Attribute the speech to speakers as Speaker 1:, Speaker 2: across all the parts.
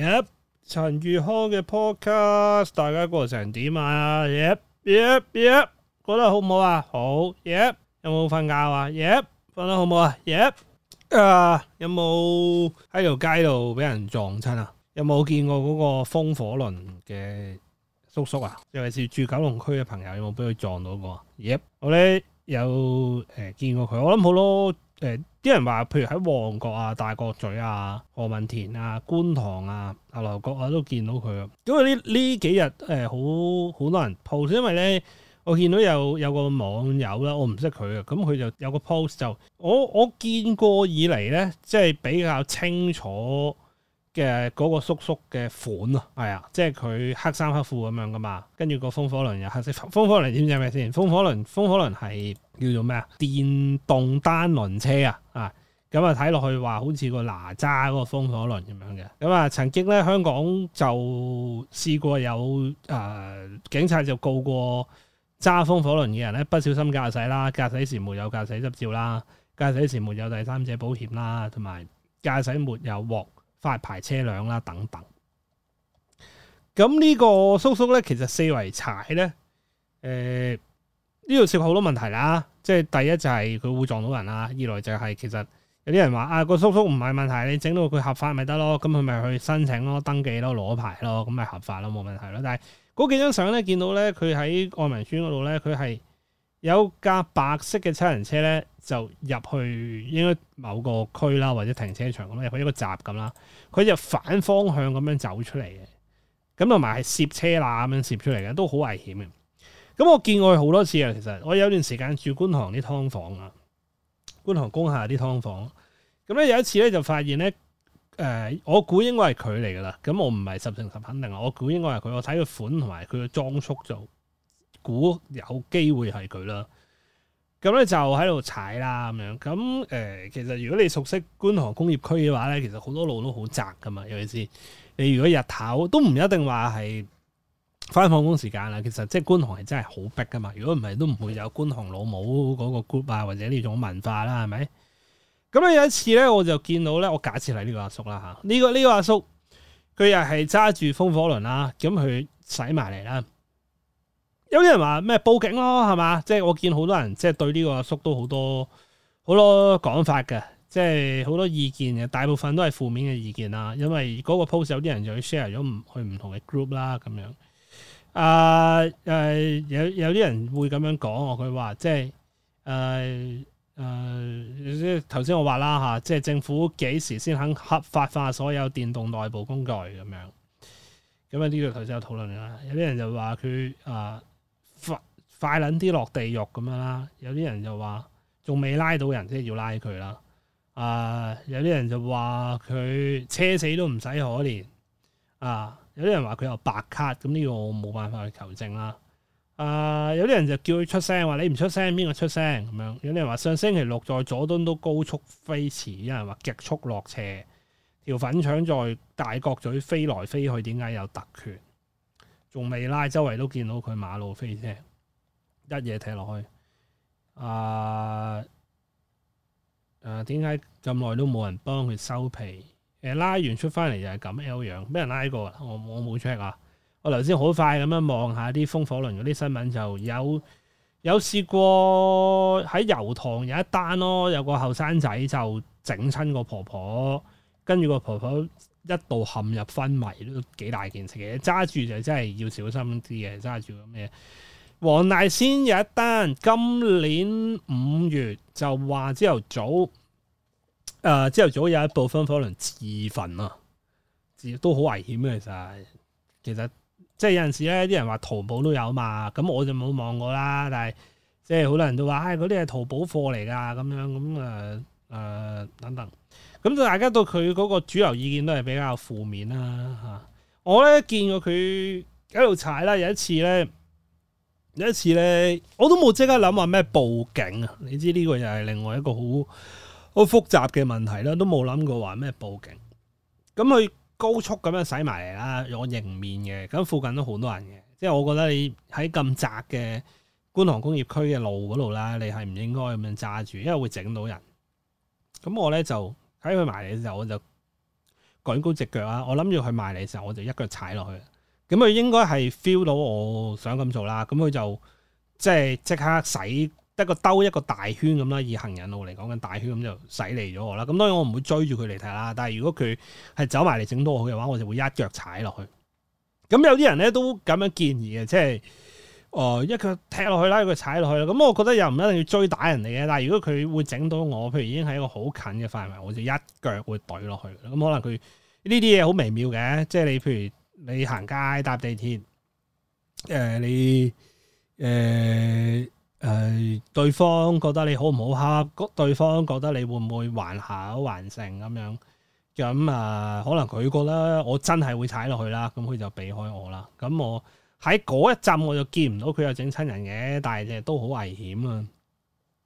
Speaker 1: 耶！陳譽、yep, 康嘅 podcast，大家過成點啊？y e p 覺得好唔好啊？好 y e p 有冇瞓覺啊？p、yep, 瞓得好唔好啊？耶、yep,！啊，有冇喺條街度俾人撞親啊？有冇見過嗰個風火輪嘅叔叔啊？尤其是住九龍區嘅朋友，有冇俾佢撞到過 e p 好咧有誒、呃、見過佢，我諗好咯，誒、呃。啲人話，譬如喺旺角啊、大角咀啊、何文田啊、觀塘啊、牛頭角啊，都見到佢啊。因為呢呢幾日誒，好好多人 post，因為咧，我見到有有個網友啦，我唔識佢啊，咁佢就有個 post 就我我見過以嚟咧，即係比較清楚。嘅嗰個叔叔嘅款啊，係啊，即係佢黑衫黑褲咁樣噶嘛，跟住個風火輪又黑色。風火輪點知係咩先？風火輪風火輪係叫做咩啊？電動單輪車啊，啊咁啊睇落去話好似個哪吒嗰個風火輪咁樣嘅。咁、嗯、啊曾經咧，香港就試過有誒、呃、警察就告過揸風火輪嘅人咧，不小心駕駛啦，駕駛時沒有駕駛執照啦，駕駛時沒有第三者保險啦，同埋駕駛沒有獲。發牌車輛啦，等等。咁呢個叔叔咧，其實四圍踩咧，誒、呃，呢度涉及好多問題啦。即係第一就係佢會撞到人啊，二來就係其實有啲人話啊，個叔叔唔係問題，你整到佢合法咪得咯，咁佢咪去申請咯，登記咯，攞牌咯，咁咪合法咯，冇問題咯。但係嗰幾張相咧，見到咧佢喺愛民村嗰度咧，佢係有架白色嘅七人車咧。就入去應該某個區啦，或者停車場咁啦，入去一個閘咁啦，佢就反方向咁樣走出嚟嘅，咁同埋係攝車啦，咁樣攝出嚟嘅，都好危險嘅。咁我見過佢好多次啊，其實我有段時間住觀塘啲劏房啊，觀塘工廈啲劏房，咁咧有一次咧就發現咧，誒、呃，我估應該係佢嚟噶啦，咁我唔係十成十肯定啊，我估應該係佢，我睇佢款同埋佢嘅裝束就估有機會係佢啦。咁咧就喺度踩啦，咁樣咁誒，其實如果你熟悉觀塘工業區嘅話咧，其實好多路都好窄噶嘛，尤其是你如果日頭都唔一定話係返放工時間啦，其實即係觀塘係真係好逼噶嘛，如果唔係都唔會有觀塘老母嗰個 group 啊，或者呢種文化啦，係咪？咁咧有一次咧，我就見到咧，我假設係呢個阿叔啦嚇，呢個呢個阿叔佢又係揸住風火輪啦，咁佢駛埋嚟啦。有啲人話咩報警咯，係嘛？即係我見好多人即係對呢個阿叔都好多好多講法嘅，即係好多意見嘅。大部分都係負面嘅意見啦，因為嗰個 post 有啲人就去 share 咗唔去唔同嘅 group 啦，咁樣。啊誒、啊，有有啲人會咁樣講哦。佢話即係誒誒，即係頭先我話啦吓，即係、啊啊啊、政府幾時先肯合法化所有電動內部工具咁樣？咁啊呢個頭先有討論啦。有啲人就話佢啊。快撚啲落地獄咁樣啦。有啲人就話仲未拉到人，即係要拉佢啦。啊、呃，有啲人就話佢車死都唔使可憐啊、呃。有啲人話佢有白卡，咁呢個我冇辦法去求證啦。啊、呃，有啲人就叫佢出聲，話你唔出聲，邊個出聲咁樣？有啲人話上星期六在佐敦都高速飛馳，有人話極速落斜條粉腸在大角咀飛來飛去，點解有特權？仲未拉，周圍都見到佢馬路飛車。一嘢踢落去，啊、呃、誒，點解咁耐都冇人幫佢收皮？誒、呃，拉完出翻嚟就係咁 L 樣，俾人拉過啊！我我冇 check 啊，我頭先好快咁樣望下啲風火輪嗰啲新聞，就有有試過喺油塘有一單咯，有個後生仔就整親個婆婆，跟住個婆婆一度陷入昏迷，都幾大件事嘅。揸住就真係要小心啲嘅，揸住咁嘅。黃大仙有一單，今年五月就話朝頭早，誒、呃，朝頭早有一部分可能自焚啊，自都好危險嘅、啊、其實，其實即係有陣時咧，啲人話淘寶都有嘛，咁我就冇望過啦。但係即係好多人都話，唉、哎，嗰啲係淘寶貨嚟噶，咁樣咁誒誒等等。咁就大家對佢嗰個主流意見都係比較負面啦、啊、吓。我咧見過佢喺度踩啦，有一次咧。有一次咧，我都冇即刻諗話咩報警啊！你知呢個又係另外一個好好複雜嘅問題啦，都冇諗過話咩報警。咁佢高速咁樣駛埋嚟啦，我迎面嘅，咁附近都好多人嘅，即係我覺得你喺咁窄嘅觀塘工業區嘅路嗰度啦，你係唔應該咁樣揸住，因為會整到人。咁我咧就喺佢埋嚟嘅時候，我就舉高隻腳啊！我諗住佢埋嚟嘅時候，我就一腳踩落去。咁佢應該係 feel 到我想咁做啦，咁佢就即係即刻使一個兜一個大圈咁啦，以行人路嚟講緊大圈咁就使離咗我啦。咁當然我唔會追住佢嚟睇啦。但係如果佢係走埋嚟整到我嘅話，我就會一腳踩落去。咁有啲人咧都咁樣建議嘅，即係誒、呃、一腳踢落去啦，一腳踩落去啦。咁、嗯、我覺得又唔一定要追打人哋嘅。但係如果佢會整到我，譬如已經喺一個好近嘅範圍，我就一腳會懟落去啦。咁可能佢呢啲嘢好微妙嘅，即係你譬如。你行街搭地鐵，誒、呃，你誒誒、呃呃，對方覺得你好唔好恰？對方覺得你會唔會還下還成？咁樣？咁、嗯、啊，可能佢覺得我真係會踩落去啦，咁、嗯、佢就避開我啦。咁我喺嗰一陣我就見唔到佢有整親人嘅，但係亦都好危險啊！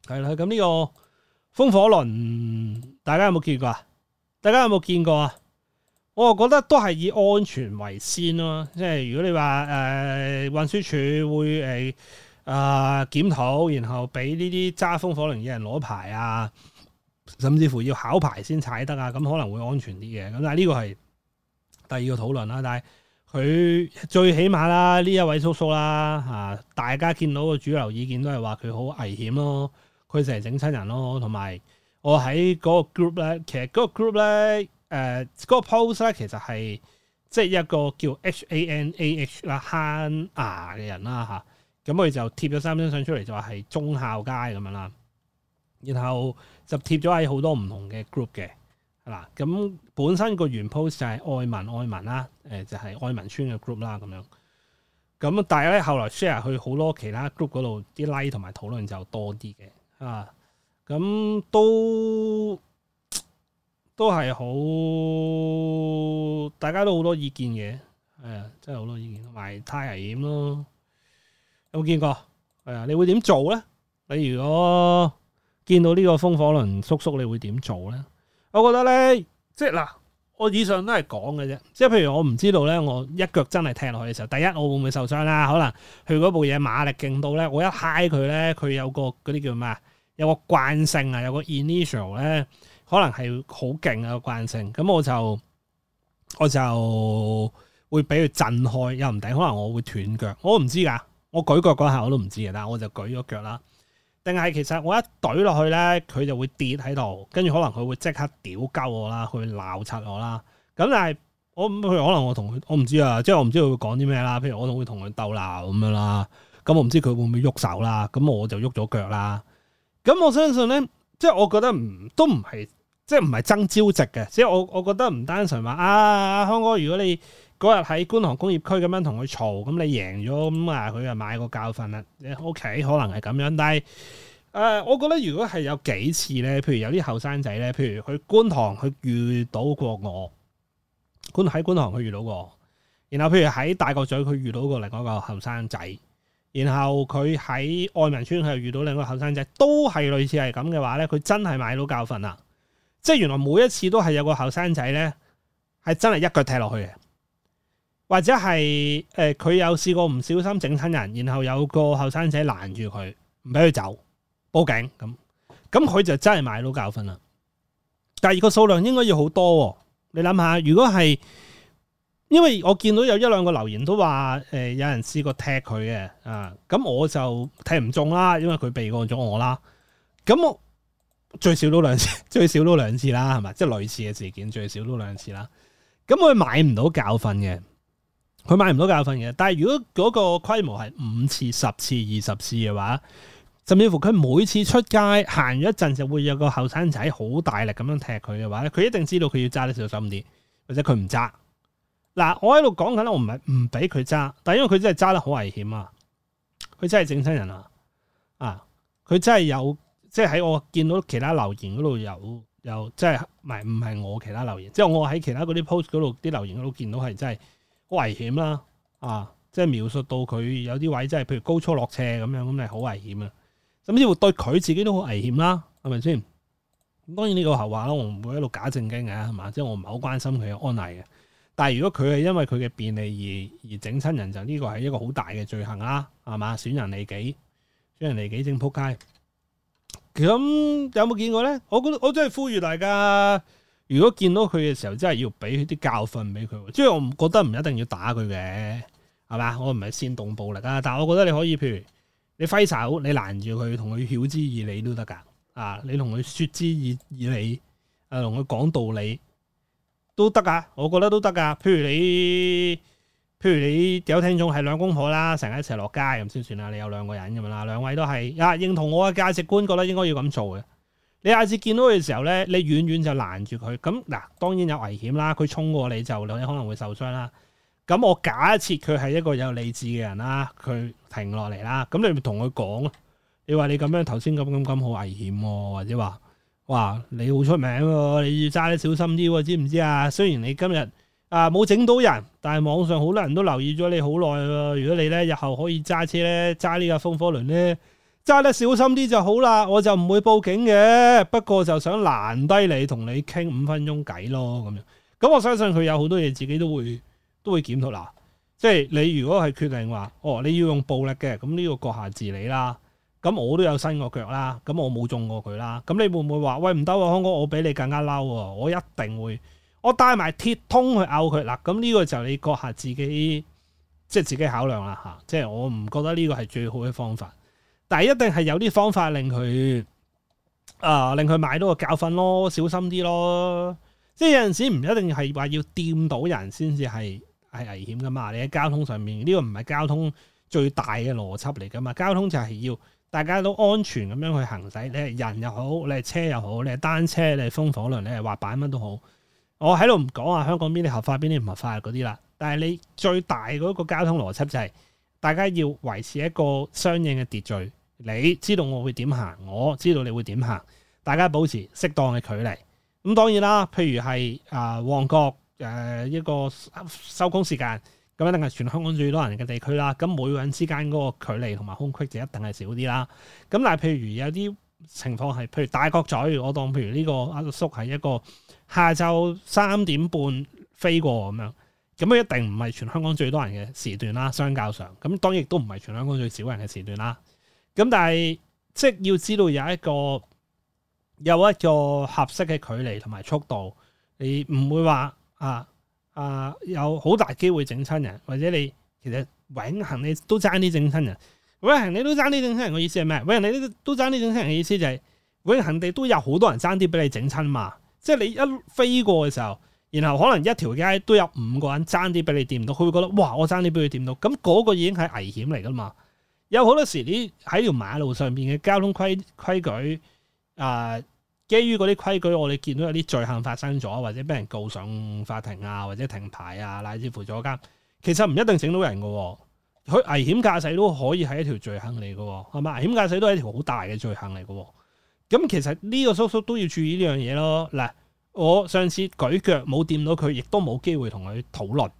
Speaker 1: 係啦，咁呢個風火輪大家有冇見過啊？大家有冇見過啊？大家有我又覺得都係以安全為先咯、啊，即係如果你話誒、呃、運輸署會誒啊、呃、檢討，然後俾呢啲揸風火輪嘅人攞牌啊，甚至乎要考牌先踩得啊，咁可能會安全啲嘅。咁但係呢個係第二個討論啦、啊。但係佢最起碼啦、啊，呢一位叔叔啦、啊、嚇、啊，大家見到個主流意見都係話佢好危險咯，佢成日整親人咯，同埋我喺嗰個 group 咧，其實嗰個 group 咧。誒嗰個 post 咧，其實係即係一個叫 HANAH 啦，坑牙嘅人啦吓，咁、嗯、佢就貼咗三張相出嚟，就話係忠孝街咁樣啦，然後就貼咗喺好多唔同嘅 group 嘅，嗱、嗯，咁本身個原 post 就係愛民愛民啦，誒、呃、就係愛民村嘅 group 啦咁樣，咁、嗯、但係咧後來 share 去好多其他 group 嗰度啲 like 同埋討論就多啲嘅，啊、嗯，咁、嗯、都。都係好，大家都好多意見嘅，係、哎、啊，真係好多意見，埋太危險咯。有冇見過？係、哎、啊，你會點做咧？你如果見到呢個風火輪叔叔，你會點做咧？我覺得咧，即係嗱、啊，我以上都係講嘅啫。即係譬如我唔知道咧，我一腳真係踢落去嘅時候，第一我會唔會受傷啦、啊？可能佢嗰部嘢馬力勁到咧，我一嗨佢咧，佢有個嗰啲叫咩啊？有個慣性啊，有個 initial 咧。可能係好勁嘅慣性，咁我就我就會俾佢震開，又唔定，可能我會斷腳，我唔知噶，我舉腳嗰下我都唔知嘅，但係我就舉咗腳啦。定係其實我一懟落去咧，佢就會跌喺度，跟住可能佢會即刻屌鳩我啦，去鬧柒我啦。咁但係我佢可能我同佢，我唔知啊，即係我唔知佢會講啲咩啦。譬如我會同佢鬥鬧咁樣啦，咁我唔知佢會唔會喐手啦，咁我就喐咗腳啦。咁我相信咧，即係我覺得唔都唔係。即係唔係爭招積嘅，即係我我覺得唔單純話啊，康哥，如果你嗰日喺觀塘工業區咁樣同佢嘈，咁你贏咗，咁啊佢又買個教訓啦，OK，可能係咁樣。但係誒、呃，我覺得如果係有幾次咧，譬如有啲後生仔咧，譬如去觀塘佢遇到過我，觀喺觀塘佢遇到過我，然後譬如喺大角咀佢遇到過另一個後生仔，然後佢喺愛民村佢又遇到另一個後生仔，都係類似係咁嘅話咧，佢真係買到教訓啦。即係原來每一次都係有個後生仔咧，係真係一腳踢落去嘅，或者係誒佢有試過唔小心整親人，然後有個後生仔攔住佢，唔俾佢走，報警咁，咁佢就真係買到教訓啦。第二個數量應該要好多喎，你諗下，如果係，因為我見到有一兩個留言都話誒、呃、有人試過踢佢嘅啊，咁我就踢唔中啦，因為佢避過咗我啦，咁我。最少都兩次，最少都兩次啦，係嘛？即係類似嘅事件，最少都兩次啦。咁佢買唔到教訓嘅，佢買唔到教訓嘅。但係如果嗰個規模係五次、十次、二十次嘅話，甚至乎佢每次出街行咗一陣，就會有個後生仔好大力咁樣踢佢嘅話咧，佢一定知道佢要揸得小心啲，或者佢唔揸。嗱，我喺度講緊啦，我唔係唔俾佢揸，但係因為佢真係揸得好危險啊！佢真係整親人啊！啊，佢真係有。即係喺我見到其他留言嗰度有有即係唔係唔係我其他留言，即係我喺其他嗰啲 post 嗰度啲留言嗰度見到係真係好危險啦啊，啊！即係描述到佢有啲位即係、就是、譬如高速落斜咁樣，咁係好危險啊！甚至乎對佢自己都好危險啦、啊，係咪先？當然呢個後話啦，我唔會喺度假正經嘅、啊，係嘛？即係我唔係好關心佢嘅安危嘅。但係如果佢係因為佢嘅便利而而整親人，就呢個係一個好大嘅罪行啦、啊，係嘛？損人利己，損人利己正仆街。咁有冇見過咧？我覺得我真係呼籲大家，如果見到佢嘅時候，真係要俾啲教訓俾佢。即係我唔覺得唔一定要打佢嘅，係嘛？我唔係煽動暴力啊。但係我覺得你可以，譬如你揮手，你攔住佢，同佢曉之以理都得噶。啊，你同佢說之以以理，誒、啊，同佢講道理都得噶。我覺得都得噶。譬如你。譬如你有聽眾係兩公婆啦，成日一齊落街咁先算啦，你有兩個人咁啦，兩位都係啊認同我嘅價值觀，覺得應該要咁做嘅。你下次見到佢嘅時候咧，你遠遠就攔住佢。咁、嗯、嗱，當然有危險啦，佢衝過你就兩，你可能會受傷啦。咁、嗯、我假設佢係一個有理智嘅人啦，佢停落嚟啦。咁你咪同佢講咯，你話你咁樣頭先咁咁咁好危險，哦，或者話哇你好出名，哦，你要揸得小心啲，知唔知啊？雖然你今日，啊！冇整到人，但係網上好多人都留意咗你好耐咯。如果你咧日後可以揸車咧，揸呢個風火輪咧，揸得小心啲就好啦。我就唔會報警嘅，不過就想攔低你，同你傾五分鐘偈咯咁樣。咁我相信佢有好多嘢自己都會都會檢討啦。即係你如果係決定話，哦你要用暴力嘅，咁呢個閣下自理啦。咁我都有伸個腳啦，咁我冇中過佢啦。咁你會唔會話喂，唔得啊，康哥，我比你更加嬲啊，我一定會。我帶埋鐵通去咬佢嗱，咁呢個就你閣下自己即係自己考量啦吓，即係我唔覺得呢個係最好嘅方法，但係一定係有啲方法令佢啊、呃、令佢買到個教訓咯，小心啲咯。即係有陣時唔一定係話要掂到人先至係係危險噶嘛。你喺交通上面呢、這個唔係交通最大嘅邏輯嚟噶嘛。交通就係要大家都安全咁樣去行駛。你係人又好，你係車又好，你係單車、你係風火輪、你係滑板乜都好。我喺度唔講啊，香港邊啲合法、邊啲唔合法嗰啲啦。但係你最大嗰個交通邏輯就係、是、大家要維持一個相應嘅秩序。你知道我會點行，我知道你會點行，大家保持適當嘅距離。咁、嗯、當然啦，譬如係啊、呃、旺角誒、呃、一個收工時間咁、嗯、一定係全香港最多人嘅地區啦。咁、嗯、每個人之間嗰個距離同埋空隙就一定係少啲啦。咁、嗯、但係譬如有啲情況係，譬如大角咀，我當譬如呢個阿叔係一個。下晝三點半飛過咁樣，咁啊一定唔係全香港最多人嘅時段啦。相較上，咁當然亦都唔係全香港最少人嘅時段啦。咁但係即係要知道有一個有一個合適嘅距離同埋速度，你唔會話啊啊有好大機會整親人，或者你其實永恆你都爭啲整親人。永恆你都爭啲整親人嘅意思係咩？永恆你都都爭啲整親人嘅意思就係永恆地都有好多人爭啲俾你整親嘛。即係你一飛過嘅時候，然後可能一條街都有五個人爭啲俾你掂到，佢會覺得哇，我爭啲俾佢掂到，咁嗰個已經係危險嚟噶嘛。有好多時啲喺條馬路上面嘅交通規規矩啊、呃，基於嗰啲規矩，我哋見到有啲罪行發生咗，或者俾人告上法庭啊，或者停牌啊，乃至乎坐監，其實唔一定整到人嘅。佢危險駕駛都可以係一條罪行嚟嘅，係嘛？危險駕駛都係一條好大嘅罪行嚟嘅。咁其實呢個叔叔都要注意呢樣嘢咯。嗱，我上次舉腳冇掂到佢，亦都冇機會同佢討論。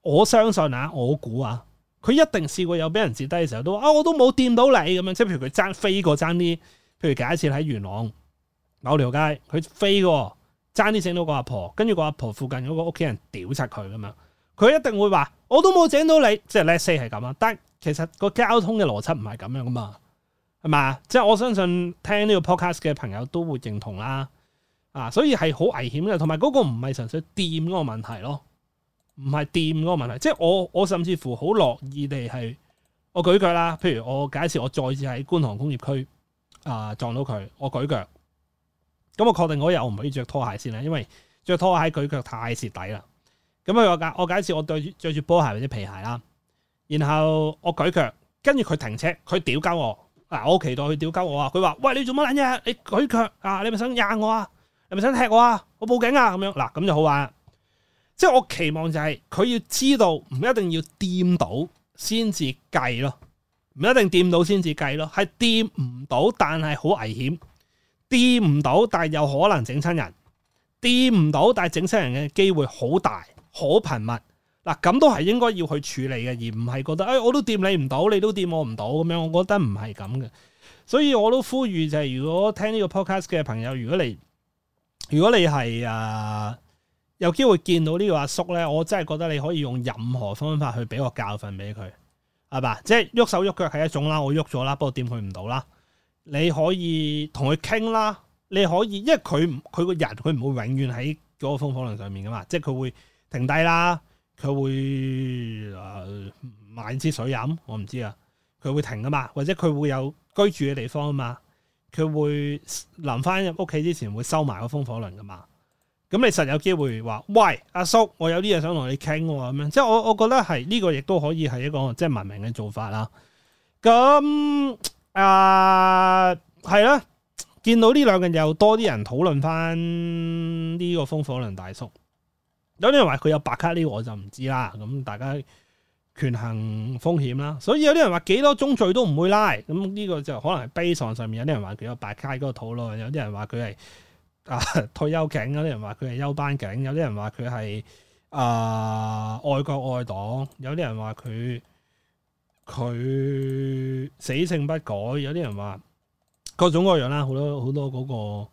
Speaker 1: 我相信啊，我估啊，佢一定試過有俾人截低嘅時候都啊，我都冇掂到你咁樣。即係譬如佢爭飛過爭啲，譬如假設喺元朗某條街，佢飛過爭啲整到個阿婆，跟住個阿婆附近嗰個屋企人屌窒佢咁樣，佢一定會話我都冇整到你，即係 let say 係咁啊。但係其實個交通嘅邏輯唔係咁樣噶嘛。嘛、嗯，即係我相信聽呢個 podcast 嘅朋友都會認同啦。啊，所以係好危險嘅，同埋嗰個唔係純粹掂嗰個問題咯，唔係掂嗰個問題。即係我我甚至乎好樂意地係我舉腳啦。譬如我假設，我再次喺觀塘工業區啊撞到佢，我舉腳咁，我確定嗰日我唔可以着拖鞋先啦，因為着拖鞋舉腳太蝕底啦。咁佢我我假設，我對著住波鞋或者皮鞋啦，然後我舉腳，跟住佢停車，佢屌鳩我。嗱、啊，我期待佢屌鳩我啊！佢話：喂，你做乜撚嘢？你舉腳啊？你咪想壓我啊？你咪想踢我啊？我報警啊！咁樣嗱，咁就好玩。即係我期望就係、是、佢要知道，唔一定要掂到先至計咯，唔一定掂到先至計咯，係掂唔到，但係好危險；掂唔到，但係有可能整親人；掂唔到，但係整親人嘅機會好大，好頻密。嗱咁都係應該要去處理嘅，而唔係覺得，哎，我都掂你唔到，你都掂我唔到咁樣。我覺得唔係咁嘅，所以我都呼籲就係，如果聽呢個 podcast 嘅朋友，如果你如果你係啊，呃，有機會見到呢個阿叔咧，我真係覺得你可以用任何方法去俾個教訓俾佢，係吧？即係喐手喐腳係一種啦，我喐咗啦，不過掂佢唔到啦。你可以同佢傾啦，你可以，因為佢佢個人佢唔會永遠喺嗰個風火輪上面㗎嘛，即係佢會停低啦。佢會買支水飲，我唔知啊。佢會停噶嘛，或者佢會有居住嘅地方啊嘛。佢會臨翻入屋企之前會收埋個風火輪噶嘛。咁你實有機會話：喂，阿叔，我有啲嘢想同你傾啊咁樣。即係我我覺得係呢個亦都可以係一個即係文明嘅做法啦。咁啊係啦，見到呢兩日又多啲人討論翻呢個風火輪大叔。有啲人話佢有白卡，呢個我就唔知啦，咁大家權衡風險啦。所以有啲人話幾多宗罪都唔會拉，咁呢個就可能係悲愴上面。有啲人話佢有白卡嗰個討論，有啲人話佢係啊退休警，有啲人話佢係休班警，有啲人話佢係啊愛國愛黨，有啲人話佢佢死性不改，有啲人話各種各樣啦，好多好多嗰個。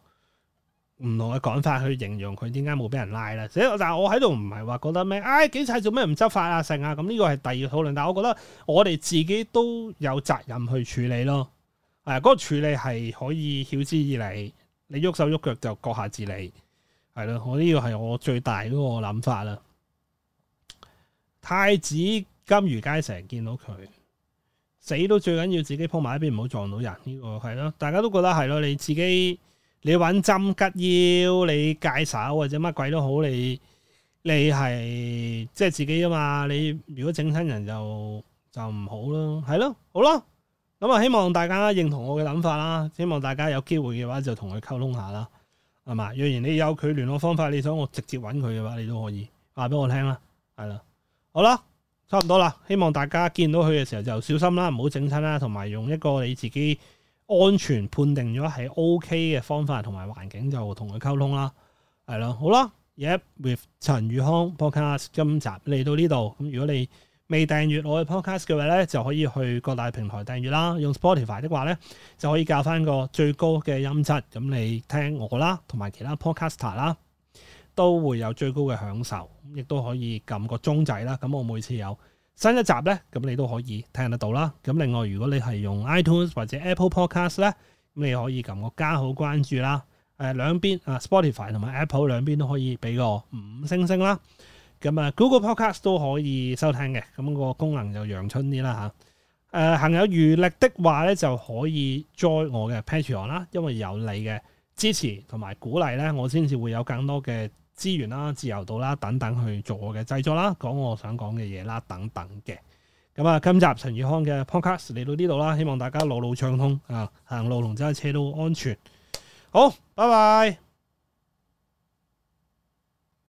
Speaker 1: 唔同嘅講法去形容佢，點解冇俾人拉啦？所以就係我喺度唔係話覺得咩，唉、哎，警察做咩唔執法啊，成啊？咁呢個係第二個討論，但係我覺得我哋自己都有責任去處理咯。誒、哎，嗰個處理係可以曉之以理，你喐手喐腳就閣下自理，係咯。我呢個係我最大嗰個諗法啦。太子金魚街成日見到佢，死都最緊要自己鋪埋一邊，唔好撞到人。呢個係咯，大家都覺得係咯，你自己。你揾針拮腰，你戒手或者乜鬼都好，你你係即係自己啊嘛！你如果整親人就就唔好咯，係咯，好啦，咁、嗯、啊希望大家認同我嘅諗法啦，希望大家有機會嘅話就同佢溝通下啦，係嘛？若然你有佢聯絡方法，你想我直接揾佢嘅話，你都可以話俾我聽啦，係啦，好啦，差唔多啦，希望大家見到佢嘅時候就小心啦，唔好整親啦，同埋用一個你自己。安全判定咗係 OK 嘅方法同埋環境，就同佢溝通啦，係咯，好啦，Yep with 陳宇康 podcast 今集嚟到呢度，咁如果你未訂閱我嘅 podcast 嘅話咧，就可以去各大平台訂閱啦。用 Spotify 的話咧，就可以教翻個最高嘅音質，咁你聽我啦，同埋其他 podcaster 啦，都會有最高嘅享受，亦都可以撳個鐘仔啦。咁我每次有。新一集咧，咁你都可以聽得到啦。咁另外，如果你係用 iTunes 或者 Apple Podcast 咧，咁你可以撳我加好關注啦。誒兩邊啊，Spotify 同埋 Apple 兩邊都可以俾個五星星啦。咁、嗯、啊，Google Podcast 都可以收聽嘅。咁、個功能就陽春啲啦嚇。誒、呃，行有餘力的話咧，就可以 join 我嘅 Patreon 啦。因為有你嘅支持同埋鼓勵咧，我先至會有更多嘅。資源啦、自由度啦等等去做我嘅製作啦、講我想講嘅嘢啦等等嘅。咁啊，今集陳宇康嘅 podcast 嚟到呢度啦，希望大家路路暢通啊，行路同揸車都安全。好，拜拜。